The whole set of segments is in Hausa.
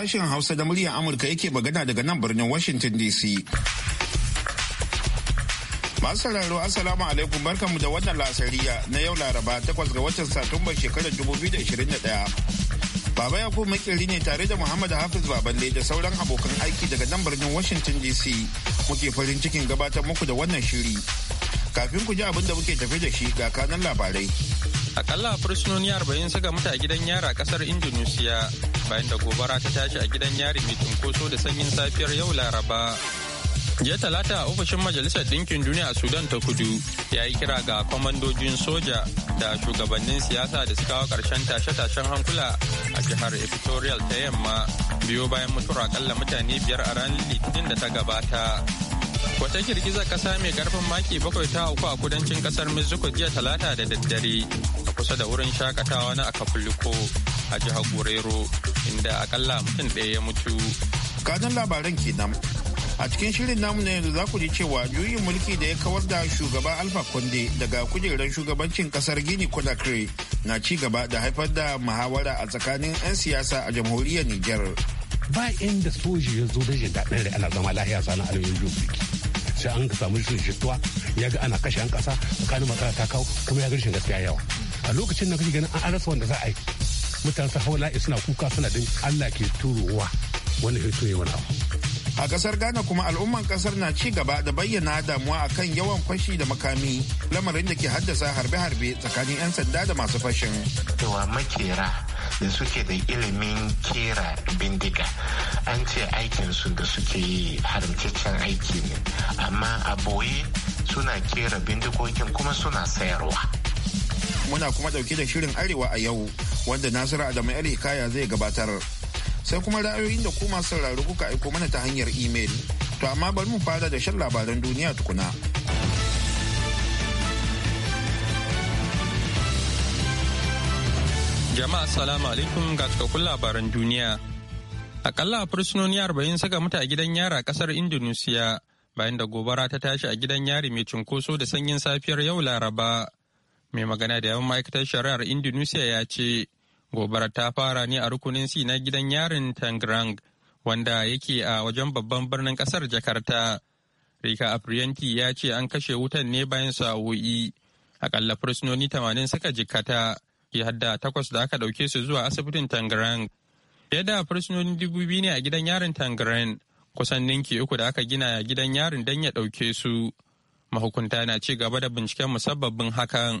sashen Hausa da muryar Amurka yake magana daga nan birnin Washington DC. Masu sauraro Assalamu alaikum barkanmu da wannan lasariya na yau Laraba takwas ga watan Satumba shekarar 2021. Baba Yakubu makirri ne tare da Muhammad Hafiz Baballe da sauran abokan aiki daga nan birnin Washington DC muke farin cikin gabatar muku da wannan shiri. Kafin ku ji abin da muke tafi da shi ga kanan labarai. Akalla fursunoni arba'in ga mutu a gidan yari a kasar Indonesia bayan da gobara ta tashi a gidan yari mai cunkoso da sanyin safiyar yau Laraba. jiya talata a ofishin majalisar ɗinkin duniya a sudan ta kudu ya yi kira ga kwamandojin soja da shugabannin siyasa da suka kawo ƙarshen tashe-tashen hankula a jihar equatorial ta yamma biyo bayan mutuwar akalla mutane biyar a ranar litinin da ta gabata Wata girgizar ƙasa mai karfin maki bakwai ta uku a kudancin ƙasar Mexico jiya talata da daddare a kusa da wurin shakatawa na Acapulco a jihar Guerrero inda akalla mutum ɗaya ya mutu. Kajin labaran kenan. A cikin shirin namu na yanzu za ku ji cewa juyin mulki da ya kawar da shugaban Alpha Conde daga kujerar shugabancin kasar Gini Conakry na ci gaba da haifar da muhawara a tsakanin 'yan siyasa a jamhuriyar Nijar. Ba inda soji ya zo da jin daɗin rai ana zama lahiya sana alayoyin sai an samu jituwa ya ga ana kashe an kasa tsakanin makara ta kawo kuma ya ga rashin gaskiya yawa a lokacin na kake ganin an arasa wanda za a yi mutane sa la'i suna kuka suna din Allah ke turowa wani hito ya wani abu a kasar ghana kuma al'umman kasar na ci gaba da bayyana damuwa a kan yawan fashi da makami lamarin da ke haddasa harbe-harbe tsakanin 'yan sanda da masu fashin cewa makera da suke da ilimin kera bindiga an ce aikinsu da suke yi haramtaccen aiki ne amma a boye suna kera bindigogin kuma suna sayarwa muna kuma dauke da shirin arewa a yau wanda nasiru adamu hikaya zai gabatar sai kuma ra'ayoyin da kuma masu sauraro kuka aiko mana ta hanyar imel. To amma bari mu fara da shan labaran duniya tukuna. Jama'a salamu alaikum ga cikakkun labaran duniya. Akalla a fursunoni arba'in saka mutu a gidan yara a kasar Indonesia bayan da gobara ta tashi a gidan yari mai cunkoso da sanyin safiyar yau Laraba. Mai magana da yawan ma'aikatar shari'ar Indonesia ya ce gobarar ta fara ne a rukunin si na gidan yarin tangrang wanda yake a wajen babban birnin kasar jakarta rika apriyanti ya ce an kashe wutan ne bayan sa'o'i akalla fursunoni tamanin suka jikkata ke hadda takwas da aka dauke su zuwa asibitin tangrang fiye da fursunoni dubu biyu ne a gidan yarin tangrang kusan ninki uku da aka gina gidan yarin don ya dauke su mahukunta na ci gaba da binciken musabbabin hakan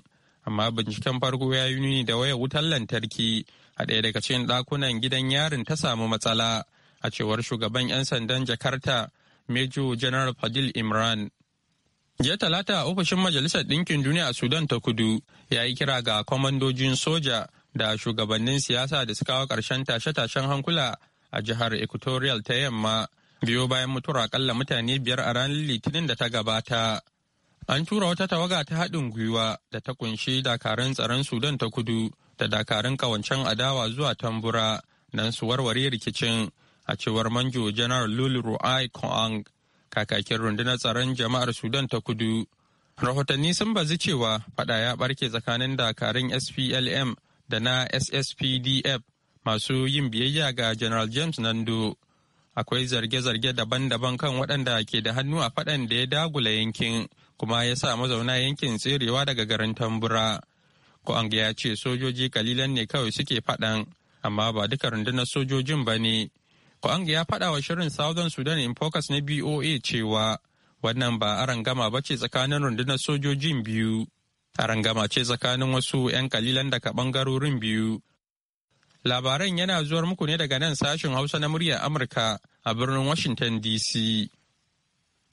amma binciken farko ya yi nuni da waya wutar lantarki a ɗaya daga cikin ɗakunan gidan yarin ta samu matsala a cewar shugaban 'yan sandan jakarta major general fadil imran jiya talata ofishin majalisar ɗinkin duniya a sudan ta kudu ya yi kira ga kwamandojin soja da shugabannin siyasa da suka kawo ƙarshen tashe-tashen hankula a jihar equatorial ta yamma biyo bayan mutuwar akalla mutane biyar a ranar litinin da ta gabata An tura wata tawaga ta haɗin gwiwa da ta kunshi dakarun tsaron Sudan ta kudu da dakarun kawancen adawa zuwa tambura don su warware rikicin a cewar manjo janar lulu Ru'ai Koang kakakin rundunar tsaron jama'ar Sudan ta kudu. Rahotanni sun bazu cewa fada ya barke tsakanin dakarun SPLM da na SSPDF masu yin biyayya ga General James Nando. Akwai zarge-zarge daban-daban kan waɗanda ke da hannu a faɗan da ya dagula yankin kuma ya sa mazauna yankin tserewa daga garin tambura Kwang ya ce sojoji kalilan ne kawai suke faɗan amma ba duka rundunar sojojin ba ne Kwang ya faɗa wa shirin Southern Sudan in Focus na BOA cewa wannan ba a rangama ba ce tsakanin rundunar sojojin biyu arangama ce tsakanin wasu 'yan kalilan daga bangarorin biyu labaran yana zuwar muku ne daga nan sashin hausa na muryar amurka a birnin washington dc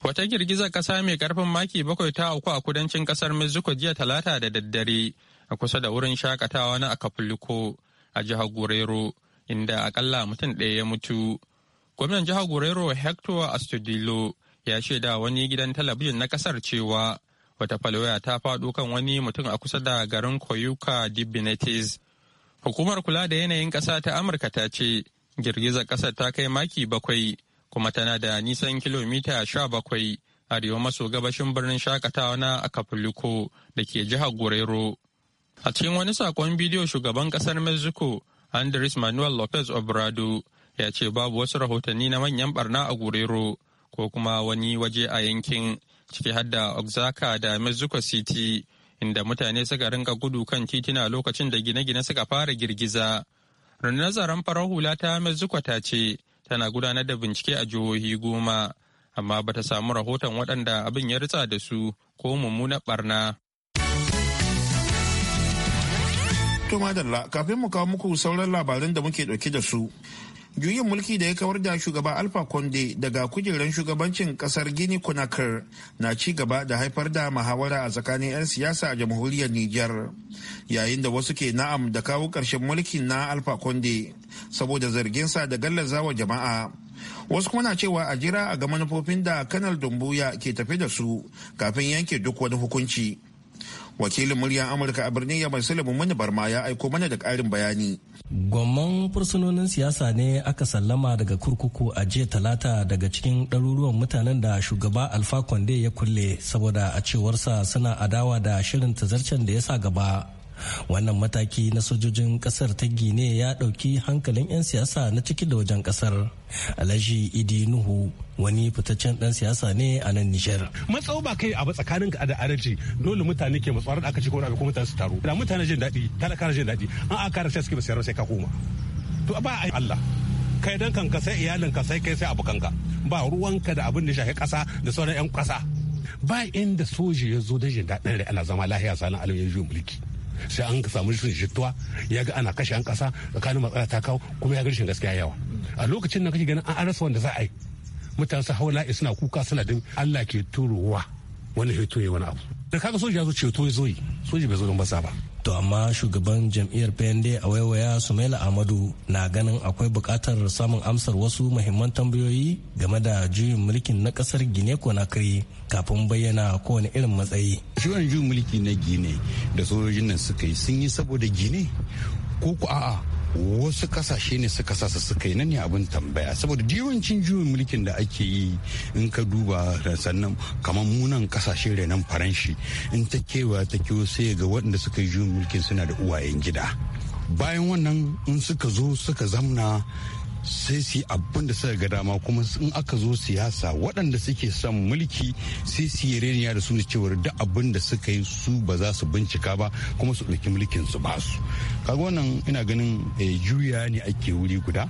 Wata girgizar ƙasa mai ƙarfin maki bakwai ta auku a kudancin ƙasar Mexico jiya talata da daddare a kusa da wurin shakatawa na Acapulco a jihar Guerrero inda akalla mutum ɗaya ya mutu. Gwamnan jihar Guerrero Hector Astudillo ya shaida wani gidan talabijin na ƙasar cewa wata falwaya ta faɗo kan wani mutum a kusa da garin Coyuca de Benitez. Hukumar kula da yanayin ƙasa ta Amurka ta ce girgizar ƙasar ta kai maki bakwai kuma tana da nisan kilomita sha bakwai arewa maso gabashin birnin shakatawa na Acapulco da ke jihar Guerrero. A cikin wani sakon bidiyo shugaban kasar Mexico Andres Manuel Lopez Obrado ya ce babu wasu rahotanni na manyan barna a Guerrero ko kuma wani waje a yankin ciki har da Oaxaca da Mexico City inda mutane suka rinka gudu kan titina lokacin da gine-gine suka fara girgiza. Rundunar tsaron farar hula ta Mexico ta ce tana gudanar da bincike a jihohi goma amma ba ta samu rahoton waɗanda abin ya ritsa da su ko mummunar barna. To madalla kafin mu kawo muku sauran labaran da muke ɗauke da su juyin mulki da ya kawar da shugaba alfa konde daga kujerar shugabancin kasar gini conakry na ci gaba da haifar da mahawara a tsakanin 'yan siyasa a jamhuriyar Nijar yayin da wasu ke na'am da kawo ƙarshen mulkin na alfa konde saboda zarginsa da gallaza wa jama'a wasu kuma na cewa a jira a ga manufofin da kanal dumbuya ke tafi da su kafin yanke duk wani hukunci wakilin muryar amurka a birnin yamai sulaiman mani barma ya aiko mana da ƙarin bayani Gwamman fursunonin siyasa ne aka sallama daga kurkuku a jiya talata daga cikin ɗaruruwan mutanen da shugaba Alfa konde ya kulle saboda a cewarsa suna adawa da shirin tazarcen da ya sa gaba. wannan mataki na sojojin kasar ta gine ya dauki hankalin 'yan siyasa na ciki da wajen kasar alhaji idi nuhu wani fitaccen dan siyasa ne a nan nijar matsawo ba kai abu tsakanin ka da araji dole mutane ke matsawar da aka ci ko da kuma mutane su taro da mutane jin daɗi talaka jin daɗi an aka rashin suke ba siyar sai ka koma to ba a Allah kai dan kanka sai iyalinka sai kai sai ka ba ruwanka da abin da shafi kasa da sauran 'yan kasa ba inda soji ya zo da jin daɗin rai ana zama lahiya sanan alim ya mulki sai an samu jituwa ya ga ana kashe an kasa tsakanin matsala ta kawo kuma ya ga rashin gaskiya yawa a lokacin nan kake ganin an arasa wanda za a yi mutane su haula suna kuka suna din Allah ke turowa wani hito ya wani abu da kaga soja zo ceto ya zo yi soja bai zo don basa ba to amma shugaban jam'iyyar pnd a waiwaya sumaila amadu na ganin akwai bukatar samun amsar wasu muhimman tambayoyi game da juyin mulkin na kasar gine konakiri kafin bayyana kowane irin matsayi shirin juyin mulki na gine da sojojin nan suka yi sun yi saboda gine ko ku a'a wasu kasashe ne suka sa su suka yi nan ne abin tambaya saboda yawancin juyin mulkin da ake yi in ka duba sannan kamar munan kasashe renon faranshi in ta kewa ta kewa sai ga waɗanda suka yi juyin mulkin suna da uwayen gida bayan wannan in suka zo suka zamna sai su yi abin da suka ga dama kuma in aka zo siyasa waɗanda suke son mulki sai su yi reniya da su cewar duk abin da suka yi su ba za su bincika ba kuma su ɗauki mulkin su ba su kaga wannan ina ganin eh, juya ne ake wuri guda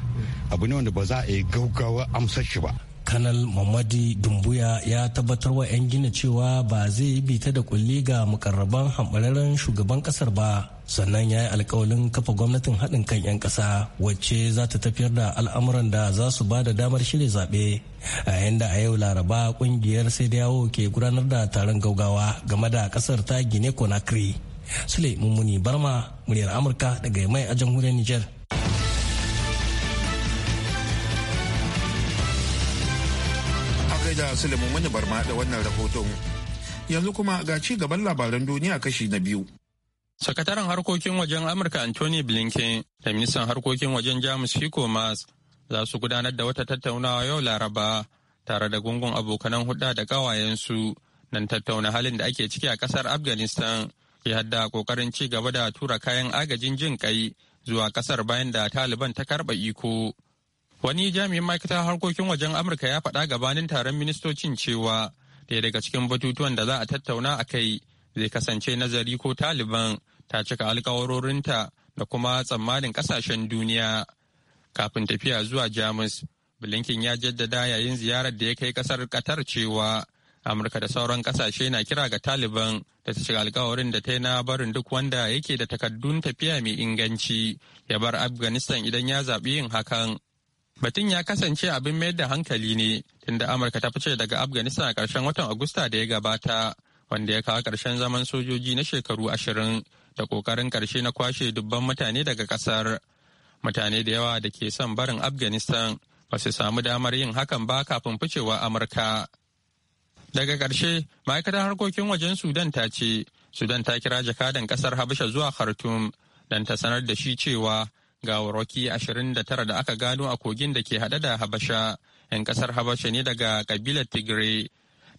abu ne wanda ba za a yi gaugawa amsar shi ba kanal mamadi dumbuya ya tabbatar wa 'yan gina cewa ba zai yi bita da kulli ga mukarraban hambararren shugaban kasar ba sannan ya yi alkawalin kafa gwamnatin haɗin kan 'yan ƙasa wacce za ta tafiyar da al'amuran da za su ba da damar shirya zaɓe a yayin da a yau laraba ƙungiyar sai da yawo ke gudanar da taron gaugawa game da ƙasar ta gine conakry sule mummuni barma muryar amurka daga mai a jamhuriyar niger gaida Suleiman Mani Barma da wannan rahoton. Yanzu kuma ga ci gaban labaran duniya kashi na biyu. Sakataren harkokin wajen Amurka Anthony Blinken da ministan harkokin wajen Jamus Hiko Mas za su gudanar da wata tattaunawa yau Laraba tare da gungun abokanan hudda da kawayensu nan tattauna halin da ake ciki a kasar Afghanistan ya hadda kokarin ci gaba da tura kayan agajin jin kai zuwa kasar bayan da Taliban ta karba iko. Wani jami'in ma'aikatar harkokin wajen Amurka ya faɗa gabanin taron ministocin cewa ɗaya daga cikin batutuwan da za a tattauna a kai zai kasance nazari ko Taliban ta cika alkawarorinta da kuma tsammanin ƙasashen duniya. Kafin tafiya zuwa Jamus, Blinken ya jaddada yayin ziyarar da ya kai ƙasar Qatar cewa Amurka da sauran ƙasashe na kira ga Taliban da ta cika alkawarin da ta yi na barin duk wanda yake da takaddun tafiya mai inganci ya bar Afghanistan idan ya zaɓi yin hakan. Batun ya kasance abin mayar da hankali ne tunda Amurka ta fice daga Afghanistan a ƙarshen watan Agusta da ya gabata wanda ya kawo ƙarshen zaman sojoji na shekaru ashirin da ƙoƙarin ƙarshe na kwashe dubban mutane daga ƙasar. Mutane da yawa da ke son barin Afghanistan ba su samu damar yin hakan ba kafin ficewa Amurka. Daga ƙarshe, ma'aikatar harkokin wajen Sudan ta ce, Sudan ta kira jakadan ƙasar Habasha zuwa Khartoum don ta sanar da shi cewa gawarwaki 29 da aka gano a kogin da ke hada da habasha 'yan kasar habasha ne daga kabilar tigray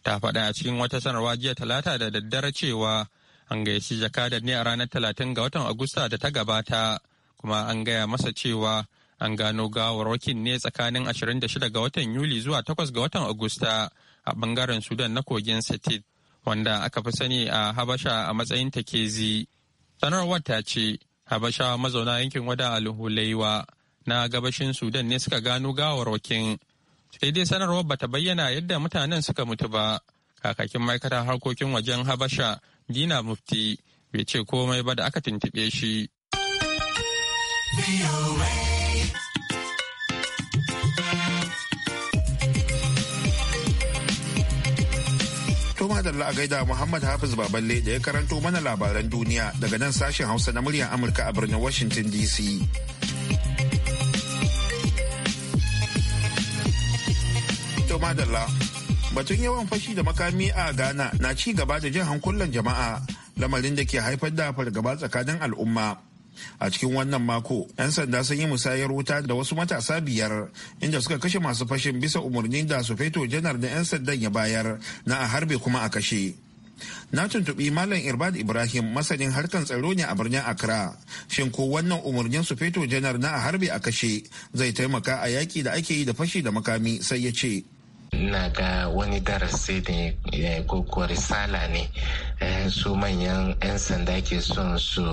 ta faɗa a cikin wata sanarwa jiya talata da daddare cewa an gayyaci jakadar ne a ranar talatin ga watan agusta da ta gabata kuma an gaya masa cewa an gano gawarwakin ne tsakanin 26 ga watan yuli zuwa 8 ga watan agusta a bangaren sudan na kogin wanda aka fi sani a habasha a matsayin takezi sanarwar ta ce Habasha mazauna yankin wada alhulaiwa na gabashin sudan ne suka gano gawarwakin sai dai sanarwar bata bayyana yadda mutanen suka mutu ba kakakin ma'aikatar harkokin wajen habasha dina mufti bai ce komai ba da aka tuntuɓe shi. da a gaida Muhammad Hafiz Baballe da ya karanto mana labaran duniya daga nan sashen Hausa na muryar Amurka a birnin Washington DC. To madalla, batun yawan fashi da makami a Ghana na ci gaba da jin hankulan jama'a lamarin da ke haifar da fargaba tsakanin al'umma. a cikin wannan mako 'yan sanda sun yi musayar wuta da wasu matasa biyar inda suka kashe masu fashin bisa umarnin da su feto janar da 'yan sandan ya bayar na a harbe kuma a kashe na tuntubi malam irbad ibrahim masanin harkan tsaro ne a birnin accra shin ko wannan umarnin su feto janar na a harbe a kashe zai taimaka a yaƙi da ake yi da fashi da makami sai ya ce ina ga wani darasi ne eh, ko kuwa risala ne eh, su manyan 'yan sanda ke son su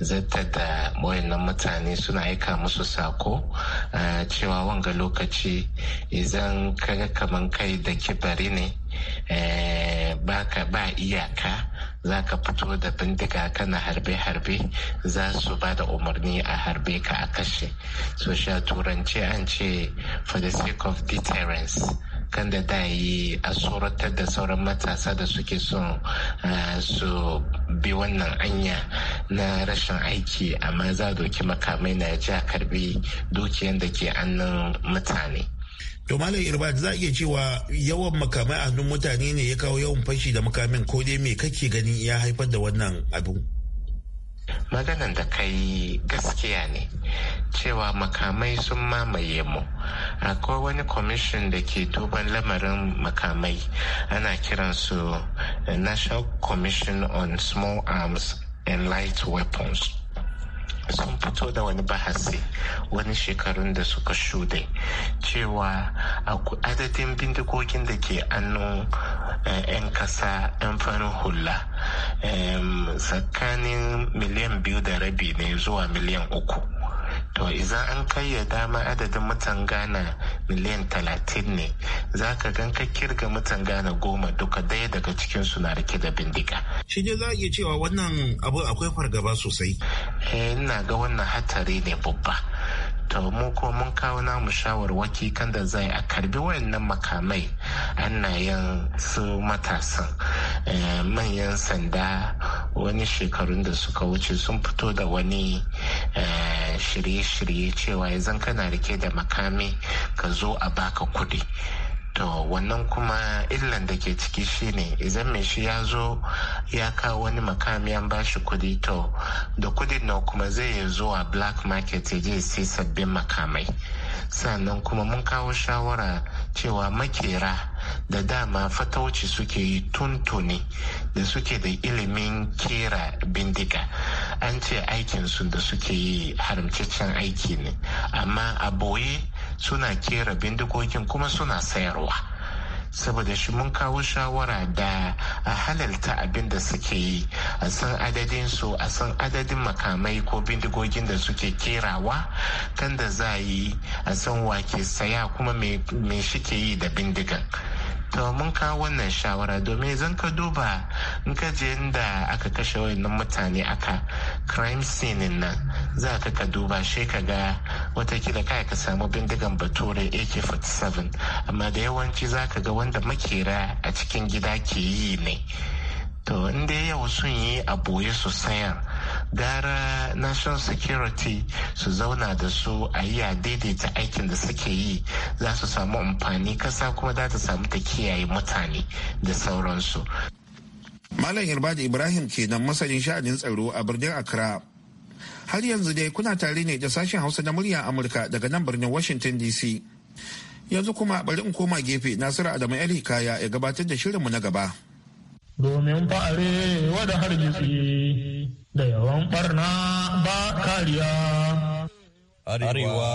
zata da wayannan mutane suna aika musu sako eh, cewa wanga lokaci izan kaga kaman kai da kibari ne baka ba iyaka za ka fito da bindiga kana harbe-harbe za su ba da umarni a harbe ka a kashe so sha turanci an ce for the sake of deterrence kan da da yi a tsoratar da sauran matasa da suke son eh, su bi wannan anya na rashin aiki amma za doki makamai na a karbi dukiyan da ke annan mutane. to malam irba za a iya cewa yawan makamai a hannun mutane ne ya kawo yawan fashi da makamin ko dai me kake ganin ya haifar da wannan abin maganan da kai gaskiya ne cewa makamai sun mamaye mu akwai wani commission da ke duban lamarin makamai ana kiransu national commission on small arms and light weapons sun fito da wani bahasi wani shekarun da suka shuɗe cewa adadin bindigogin da ke annun eh, 'yan kasa 'yan farin hula tsakanin miliyan biyu da rabi ne zuwa miliyan uku to idan an kayyada ma adadin mutan ghana miliyan talatin ne za ka gan ka kirga mutan ghana goma duka daya daga cikin su na rike da bindiga shi ne za a iya cewa wannan abu akwai fargaba sosai eh ina ga wannan hatari ne babba to mu ko mun kawo namu shawarwaki kan da zai a karbi wayannan makamai yin su matasan eh, manyan sanda wani shekarun da suka wuce sun fito da wani eh, shirye-shirye cewa yanzu kana rike da makami ka zo a baka kuɗi to wannan kuma illan da ke ciki shine idan mai shi ya zo ya kawo wani makami an ba shi kudi to da kudin nan kuma zai ya zuwa black market ya je sai sabbin makamai sannan kuma mun kawo shawara cewa makera da dama fatauci suke yi tuntuni da suke da ilimin kera bindiga an ce aikin su da suke yi haramcaccen aiki ne amma a boye suna kera bindigogin kuma suna sayarwa saboda shi mun kawo shawara da a halalta abin da suke yi a san adadin su a san adadin makamai ko bindigogin da suke kerawa kan da za yi a san wake saya kuma me shi ke yi da bindigan to mun kawo wannan shawara domin zan ka duba in ka je inda aka kashe wayannan mutane aka crime scene nan za ka ka duba she ka ga watakila kai ka samu bindigan bature ak-47 amma da yawanci za ka ga wanda makera a cikin gida ke yi ne to inda yau sun yi a boye su sayar gara national security su zauna da su a yi a daidaita aikin da suke yi za su samu amfani kasa kuma za ta samu ta kiyaye mutane da sauransu malam Yarbada ibrahim kenan masanin sha'anin tsaro a birnin accra har yanzu dai kuna tare ne da sashen hausa na murya amurka daga nan birnin washington dc yanzu kuma bari in koma gefe nasiru adamu yar hikaya ya gabatar da shirinmu na gaba domin fa'are wada hargitsi da yawan barna ba kariya. Arewa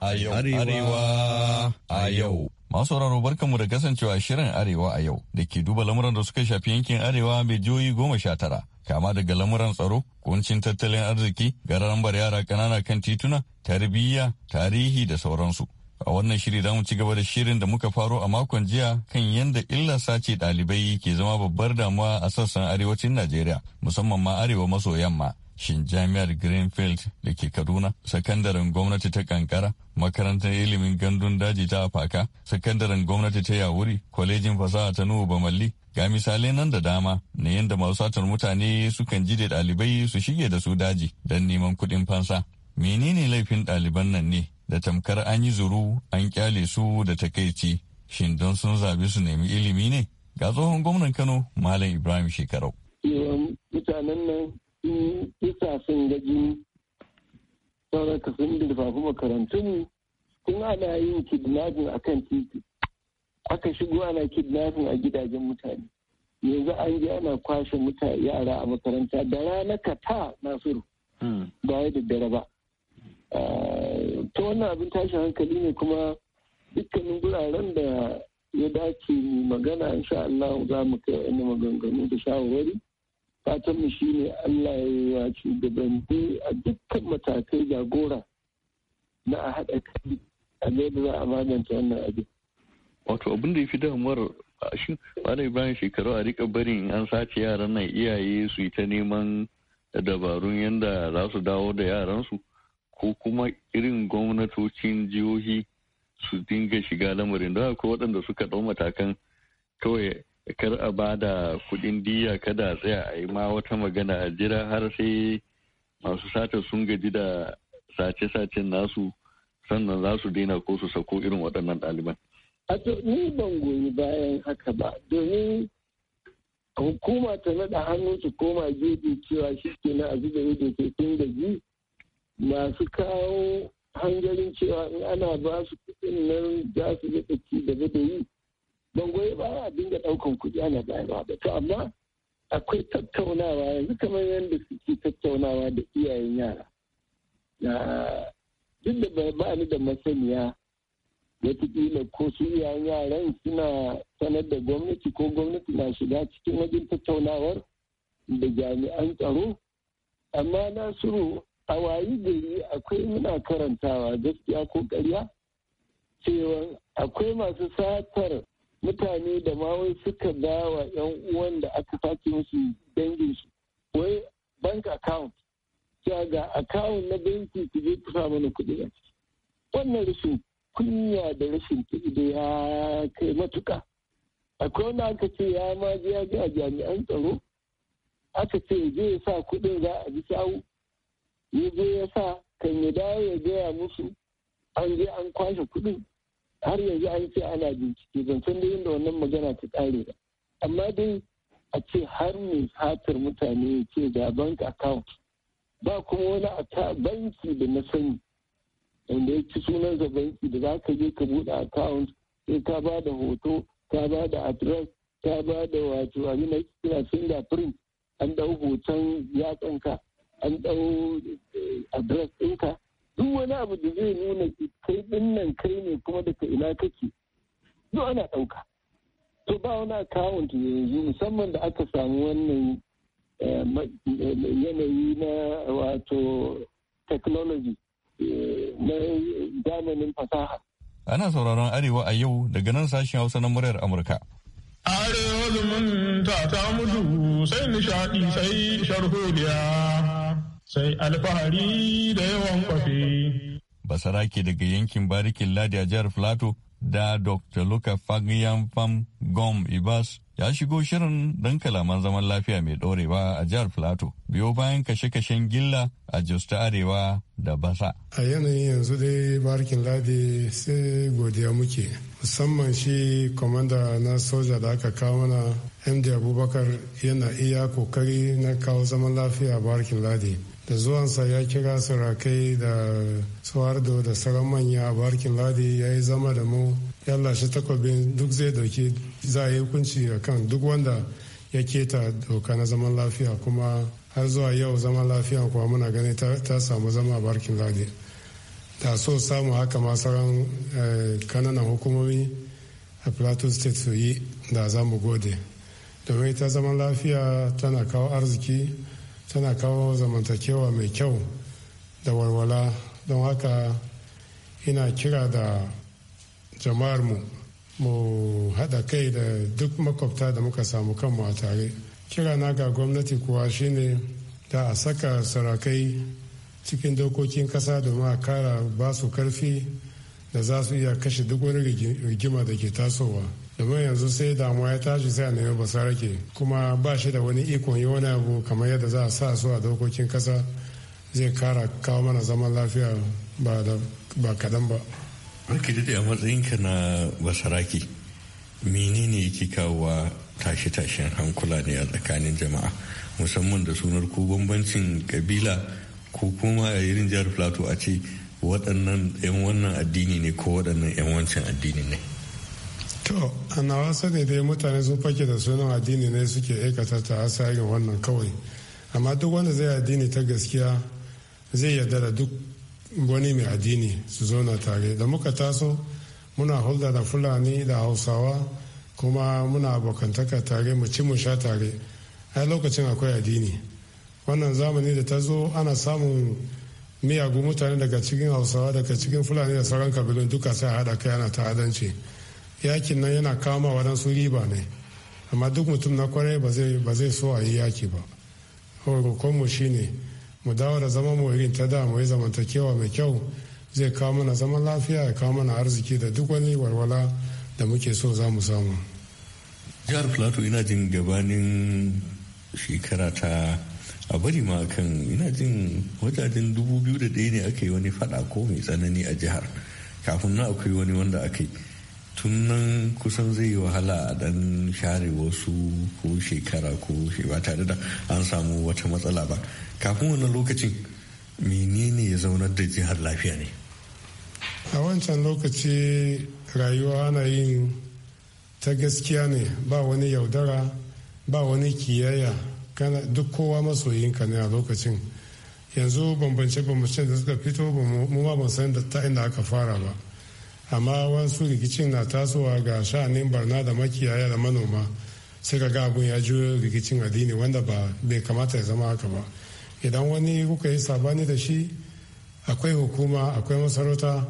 a yau. Arewa a Masu sauraro barkanmu da kasancewa shirin Arewa a yau da ke duba lamuran da suka shafi yankin Arewa mai jihohi goma sha tara. Kama daga lamuran tsaro, kuncin tattalin arziki, gararambar yara ƙanana kan tituna, tarbiyya, tarihi da sauransu. A wannan shiri za mu ci gaba da shirin da muka faro a makon jiya kan yadda illa sace dalibai ke zama babbar damuwa a sassan arewacin Najeriya musamman ma arewa maso yamma. Shin jami'ar Greenfield da ke Kaduna, sakandaren gwamnati ta kankara, makarantar ilimin gandun daji ta afaka, sakandaren gwamnati ta yawuri, kwalejin fasaha ta Nuhu Bamalli, ga misalai nan da dama na yadda masu satar mutane sukan ji da ɗalibai su shige da su daji don neman kuɗin fansa. Menene laifin ɗaliban nan ne? da tamkar an yi zuru an kyale su da takaici shin don sun zabi su nemi ilimi ne ga tsohon gwamnan kano malam ibrahim shekarau mutanen nan sun isa sun gaji sauraka sun dirfafi makarantun kun ana yin kidnapping a kan titi aka shigo ana kidnapping a gidajen mutane yanzu an je ana kwashe mutane yara a makaranta da rana ka ta nasiru hmm. ba da dare ba ah, ta wannan abin tashin hankali ne kuma dukkanin guraren da ya dace mu magana insha Allah za mu kai wani maganganu da shawarwari fatan mu shine Allah ya yi shugabanni a dukkan matakai jagora na a haɗa kai a da za a magance wannan abin. Wato abin da ya fi damuwar shi bayan bayan shekaru a rika barin an sace yaran nan iyaye su yi ta neman dabarun yadda za su dawo da yaran su. ko kuma irin gwamnatocin jihohi su dinga shiga lamarin da akwai waɗanda suka ɗau matakan kawai kar a ba da kuɗin diya kada a tsaya a yi ma wata magana a jira har sai masu sata sun gaji da sace-sacen nasu sannan za su daina ko su sako irin waɗannan ɗaliban. A ni ban goyi bayan haka ba domin hukuma ta naɗa hannu su koma gefe cewa shi ke na a da yadda ke sun gaji masu kawo hangarin cewa in ana ba su kuɗin nan za su yi tsaki da yi. ban goyi ba a dinga ɗaukan kuɗi ana bayarwa ba to amma akwai tattaunawa yanzu kamar yadda suke tattaunawa da iyayen yara na duk da ba ni da masaniya wataƙila ko su iyayen yaran suna sanar da gwamnati ko gwamnati na shiga cikin wajen tattaunawar da jami'an tsaro amma nasiru a wayi gari akwai muna karantawa gaskiya ko karya cewa akwai masu satar mutane da ma wai suka dawa yan uwan da aka sake musu dangin su wai bank account cewa ga account na banki su je kusa mana kuɗi a wannan rashin kunya da rashin ido ya kai matuka akwai wanda aka ce ya ma je ga jami'an tsaro aka ce je ya sa kuɗin za a bi sawu yaje yasa ya sa kan ya dawo ya gaya musu an je an kwashe kuɗin har yanzu an ce ana bincike ban san dai inda wannan magana ta ƙare ba amma dai a ce har mai satar mutane ya ce ga bank account ba kuma wani banki da na sani wanda ya ci sunan sa banki da za ka je ka buɗe account sai ka ba da hoto ka ba da address ka ba da wato abin da kira print an dau hoton yatsanka an ɗau eh, adres ɗinka duk wani abu da zai nuna kai ɗin nan kai ne kuma daga ina kake duk ana ɗauka to ba wani akawunt yanzu musamman da aka samu wannan eh, eh, yanayi na wato technology na zamanin fasaha ana sauraron arewa a yau daga nan sashen hausa na muryar amurka arewa zumunta ta mutu sai nishadi sai sharholiya sai alfahari da yawan kwafi. Basarake daga yankin barikin ladi a jihar Filato da Dr. Luka Fagiyan Fam Gom Ibas ya shigo shirin don kalaman zaman lafiya mai ɗorewa a jihar Filato biyo bayan kashe-kashen gilla a Jos ta Arewa da Basa. A yanayin yanzu dai barikin ladi sai godiya muke musamman shi kwamanda na soja da aka kawo mana MD Abubakar yana iya kokari na kawo zaman lafiya a barikin ladi. da zuwansa ya kira surakai da suwardo da sauran manya a barkin ladi ya yi zama da mu ya lashe takwabin duk zai dauki za a yi hukunci a kan duk wanda ya keta doka na zaman lafiya kuma har zuwa yau zaman lafiya kuma muna gani ta samu zama a barkin ladi da so samu haka ma sauran eh, kananan hukumomi a plateau state su yi da zamu mu gode domin ta zaman lafiya tana kawo arziki tana kawo zamantakewa mai kyau da walwala don haka ina kira da jama'ar mu mu haɗa kai da duk makwabta da muka samu kanmu a tare kira na ga gwamnati kuwa shine da a saka sarakai cikin dokokin ƙasa domin a kara ba su karfi da za su iya kashe duk wani rigima da ke tasowa domin yanzu sai damuwa ya tashi sai a nemi basarake kuma ba shi da wani ikon yi wani abu kamar yadda za a sa su a dokokin kasa zai kara kawo mana zaman lafiya ba kadan ba. Barki da a matsayinka na basaraki menene yake kawowa tashe-tashen hankula ne a tsakanin jama'a musamman da sunar ko bambancin kabila ko kuma a irin jihar plateau a ce waɗannan 'yan wannan addini ne ko waɗannan 'yan wancan addini ne. To, a nawa sani dai mutane sun fake da sunan addini ne suke aikata ta asarin wannan kawai. Amma duk wanda zai addini ta gaskiya zai yarda da duk wani mai addini su na tare. Da muka taso muna hulɗa da Fulani da Hausawa kuma muna abokantaka tare mu ci mu sha tare. Ai lokacin akwai addini. Wannan zamani da ta zo ana samun miyagun mutane daga cikin Hausawa daga cikin Fulani da sauran kabilun duka sai a haɗa kai ana ta'adanci. yakin nan yana kama waɗansu riba ne amma duk mutum na kwarai ba zai so a yi yaki ba shi shine mu dawo da zama mu irin ta da muyi zamantakewa mai kyau zai kawo mana zaman lafiya ya kawo mana arziki da duk wani walwala da muke so za mu samu jihar plateau ina jin gabanin shekara ta a bari ma kan ina jin wajajen dubu biyu da ɗaya ne aka yi wani fada ko mai tsanani a jihar kafin na akwai wani wanda aka yi tun nan kusan zai yi wahala a dan share wasu ko shekara ko ba tare da an samu wata matsala ba kafin wannan lokacin menene ya zaunar da jihar lafiya ne a wancan lokaci rayuwa ana yin ta gaskiya ne ba wani yaudara ba wani kiyaya duk kowa masoyinka ne a lokacin yanzu bambance-bambance da suka fito ba mu ma ban san da ta inda aka fara ba amma wasu rikicin na tasowa ga sha'anin barna da makiyaya da manoma sai ka ga abun ya juyo rikicin addini wanda ba bai kamata ya zama haka ba idan wani kuka yi sabani da shi akwai hukuma akwai masarauta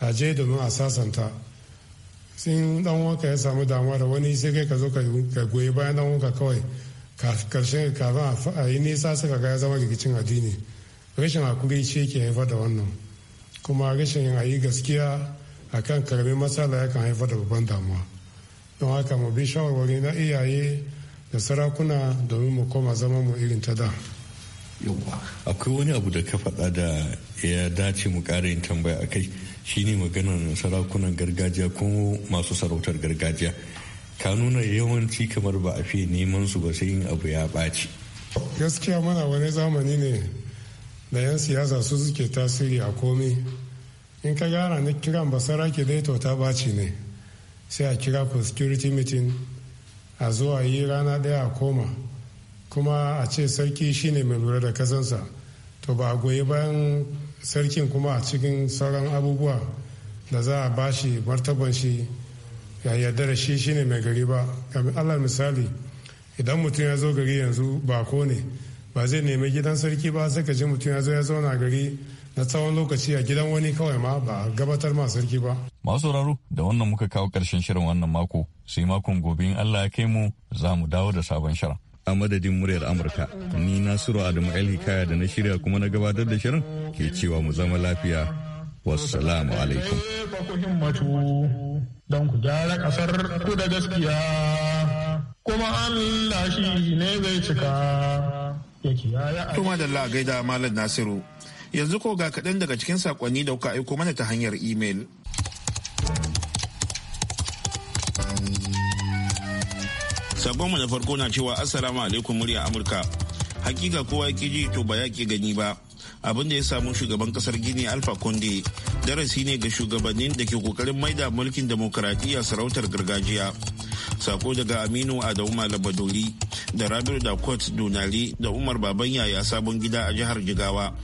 a je domin a sasanta sun dan wanka ya samu damuwa da wani sai kai ka zo ka goyi bayan dan wanka kawai karshen kafin a yi nisa suka ga ya zama rikicin addini rashin hakuri shi ke haifar da wannan kuma rashin yin ayi gaskiya akan karamin matsala yakan haifar da babban damuwa don haka mu bi shawarwari na iyaye da sarakuna domin mu koma zama mu irin ta da akwai wani abu da ka faɗa da ya dace mu ƙara yin tambaya a kai shine maganar sarakunan gargajiya ko masu sarautar gargajiya ka nuna yawanci kamar ba a fiye neman su ba sai yin abu ya ɓaci gaskiya mana wani zamani ne da 'yan siyasa su suke tasiri a komai in ka gyara na kira basara ke dai to ta baci ne sai a kira ku security meeting a zo yi rana daya a koma kuma a ce sarki shine mai lura da kasansa to ba a goyi bayan sarkin kuma a cikin sauran abubuwa da za a bashi martaban shi ya yarda da shi shine mai gari ba kamar allah misali idan mutum ya zo gari yanzu ba ko ne ba zai nemi gidan sarki ba sai ka ji mutum ya zo ya zauna gari na tsawon lokaci a gidan wani kawai ma ba gabatar ma sarki ba. Masu raro da wannan muka kawo karshen shirin wannan mako sai makon gobe in Allah ya kai mu za mu dawo da sabon shirin. A madadin muryar Amurka, ni Nasiru Adamu El Hikaya da na shirya kuma na gabatar da shirin ke cewa mu zama lafiya. Wassalamu alaikum. Don ku gyara ƙasar ku da gaskiya, kuma Allah shi ne zai cika. da Allah gaida Malam Nasiru. yanzu ko ga kaɗan daga cikin saƙonni da kuka aiko mana ta hanyar imel. Sakonmu na farko na cewa Assalamu alaikum murya Amurka. Hakika kowa ya ji to ba ya ke gani ba. Abin da ya samu shugaban kasar Gini alfa Conde darasi ne ga shugabannin da ke kokarin maida mulkin demokaradiyya sarautar gargajiya. Sako daga Aminu adama labadori da Rabiu da Kot Donali da Umar Baban Yaya sabon gida a jihar Jigawa.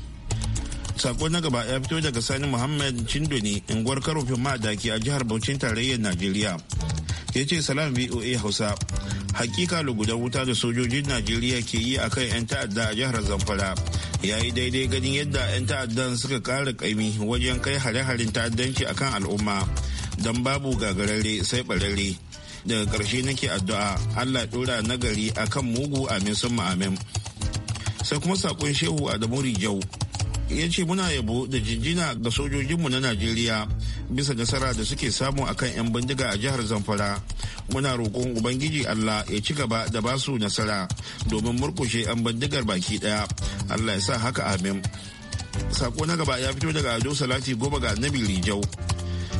sako na gaba ya fito daga sani muhammad cindoni unguwar karofin madaki a jihar Bauchin tarayyar najeriya ya ce salam voa hausa hakika lugudan wuta da sojojin najeriya ke yi a kan 'yan ta'adda a jihar zamfara ya yi daidai ganin yadda 'yan ta'addan suka kara kaimi wajen kai hare-haren ta'addanci akan al'umma don babu gagararre sai barare daga ƙarshe nake addu'a allah dora nagari akan mugu amin sun amin sai kuma saƙon shehu adamu rijau ya ce muna yabo da jinjina ga sojojinmu na najeriya bisa nasara da suke samu akan 'yan bindiga a jihar zamfara muna roƙon ubangiji allah ya ci gaba da ba su nasara domin murkushe 'yan bindigar baki daya allah ya sa haka amin sako na gaba ya fito daga ado salati goma ga nabi rijau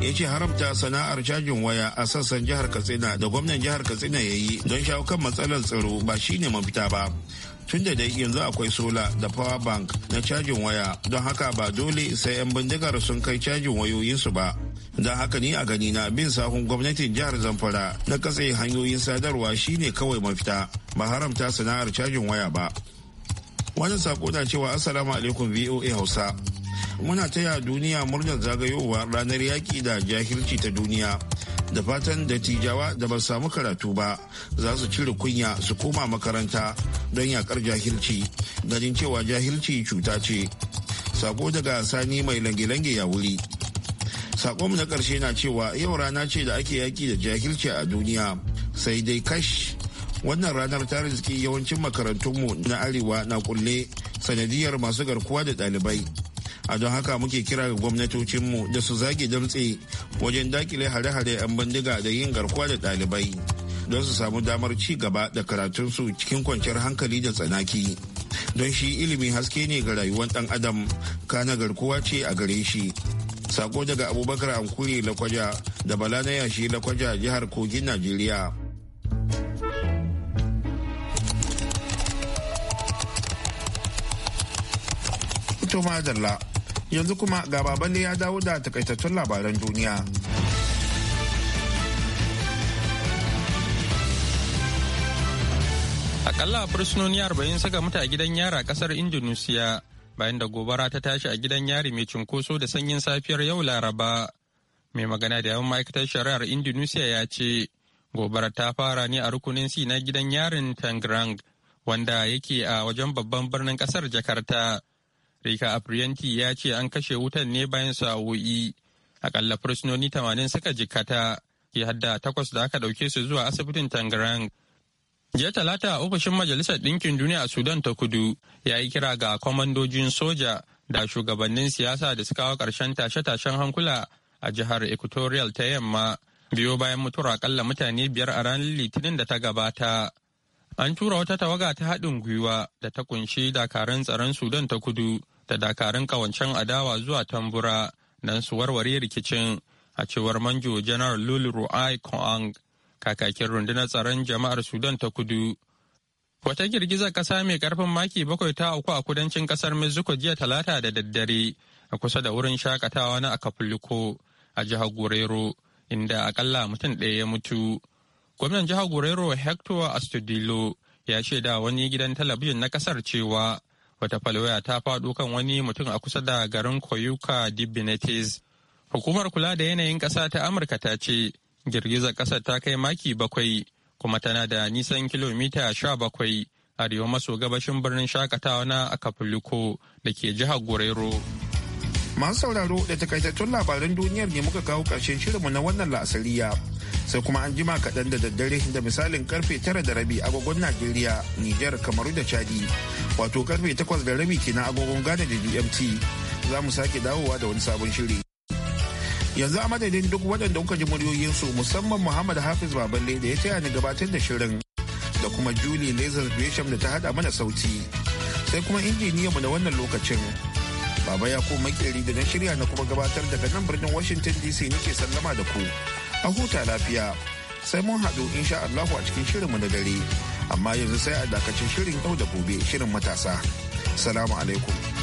ya ce haramta sana'ar cajin waya a sassan jihar katsina da gwamnan jihar katsina ya yi don shawo kan matsalar tsaro ba shine mafita ba tun da dai yanzu akwai sola da power bank na cajin waya don haka ba dole sai 'yan bindigar sun kai cajin wayoyinsu ba da haka ni a gani na bin sahun gwamnatin jihar zamfara na katse hanyoyin sadarwa shine kawai mafita ba haramta sana'ar cajin waya ba wani sako na cewa assalamu alaikum voa hausa muna taya duniya murnar zagayowar ranar yaƙi da jahilci ta duniya da fatan dattijawa da ba samu karatu ba za su cire kunya su koma makaranta don yakar jahilci ganin cewa jahilci cuta ce sako daga sani mai lange-lange ya wuri sako na karshe na cewa yau rana ce da ake yaki da jahilci a duniya sai dai kash wannan ranar ta yawancin makarantunmu na arewa na kulle sanadiyar masu garkuwa da ɗalibai a don haka muke kira ga gwamnatocinmu da su zage damtse wajen dakile hare-hare 'yan bindiga da yin garkuwa da ɗalibai don su samu damar ci gaba da karatunsu cikin kwanciyar hankali da tsanaki don shi ilimi haske ne ga rayuwar ɗan adam kana garkuwa ce a gare shi sako daga abubakar ankuri lakwaja da bala na yashi lakwaja jihar kogin najeriya to madalla yanzu kuma ga baballe ya dawo da takaitattun labaran duniya akalla fursunoni 40 saka mutu a gidan yara kasar indonesia bayan da gobara ta tashi a gidan yari mai cunkoso da sanyin safiyar yau laraba mai magana da yawan ma'aikatar shari'ar indonesia ya ce gobara ta fara ne a rukunin si na gidan yarin tangrang wanda yake a wajen babban birnin kasar jakarta Rika Apriyanti ya ce an kashe wutan ne bayan sa'o'i. Akalla fursunoni tamanin suka jikkata, ke hadda takwas da aka ɗauke su zuwa asibitin Tangarang. Jiya talata ofishin Majalisar Ɗinkin Duniya a Sudan ta kudu ya yi kira ga kwamandojin soja da shugabannin siyasa da suka kawo ƙarshen tashe-tashen hankula a jihar Equatorial ta yamma biyo bayan mutuwar akalla mutane biyar a ranar Litinin da ta gabata. An tura wata tawaga ta haɗin gwiwa da ta kunshi dakarun tsaron Sudan ta kudu da dakarun kawancen adawa zuwa tambura don su warware rikicin a cewar manjo janar lul ru'ai kong kakakin rundunar tsaron jama'ar sudan ta kudu wata girgizar kasa mai karfin maki bakwai ta auku a kudancin kasar mexico jiya talata da daddare a kusa da wurin shakatawa na acapulco a jihar gurero inda akalla mutum ɗaya ya mutu gwamnan jihar gurero hector astudillo ya shaida wani gidan talabijin na kasar cewa wata falwaya ta fado kan wani mutum a kusa da garin koyuka dibinetes hukumar kula da yanayin ƙasa ta amurka ta ce girgizar ƙasar ta kai maki bakwai kuma tana da nisan kilomita sha bakwai arewa maso gabashin birnin shakatawa na akapuliko da ke jihar guerrero masu sauraro da takaitattun labaran duniyar ne muka kawo ƙarshen shirinmu na wannan la'asariya sai kuma an jima kaɗan da daddare da misalin karfe tara da rabi agogon najeriya niger kamaru da chadi wato karfe takwas da rabi kenan agogon ghana da gmt za mu sake dawowa da wani sabon shiri yanzu a madadin duk waɗanda kuka ji muryoyinsu musamman muhammad hafiz baballe da ya taya ni gabatar da shirin da kuma juli laser bisham da ta hada mana sauti sai kuma mu na wannan lokacin baba ya ko makeri da na shirya na kuma gabatar daga nan birnin washington dc nake sallama da ku a huta lafiya sai mun haɗu sha Allahu a cikin shirinmu na dare amma yanzu sai a dakacin shirin yau da gobe shirin matasa salamu alaikum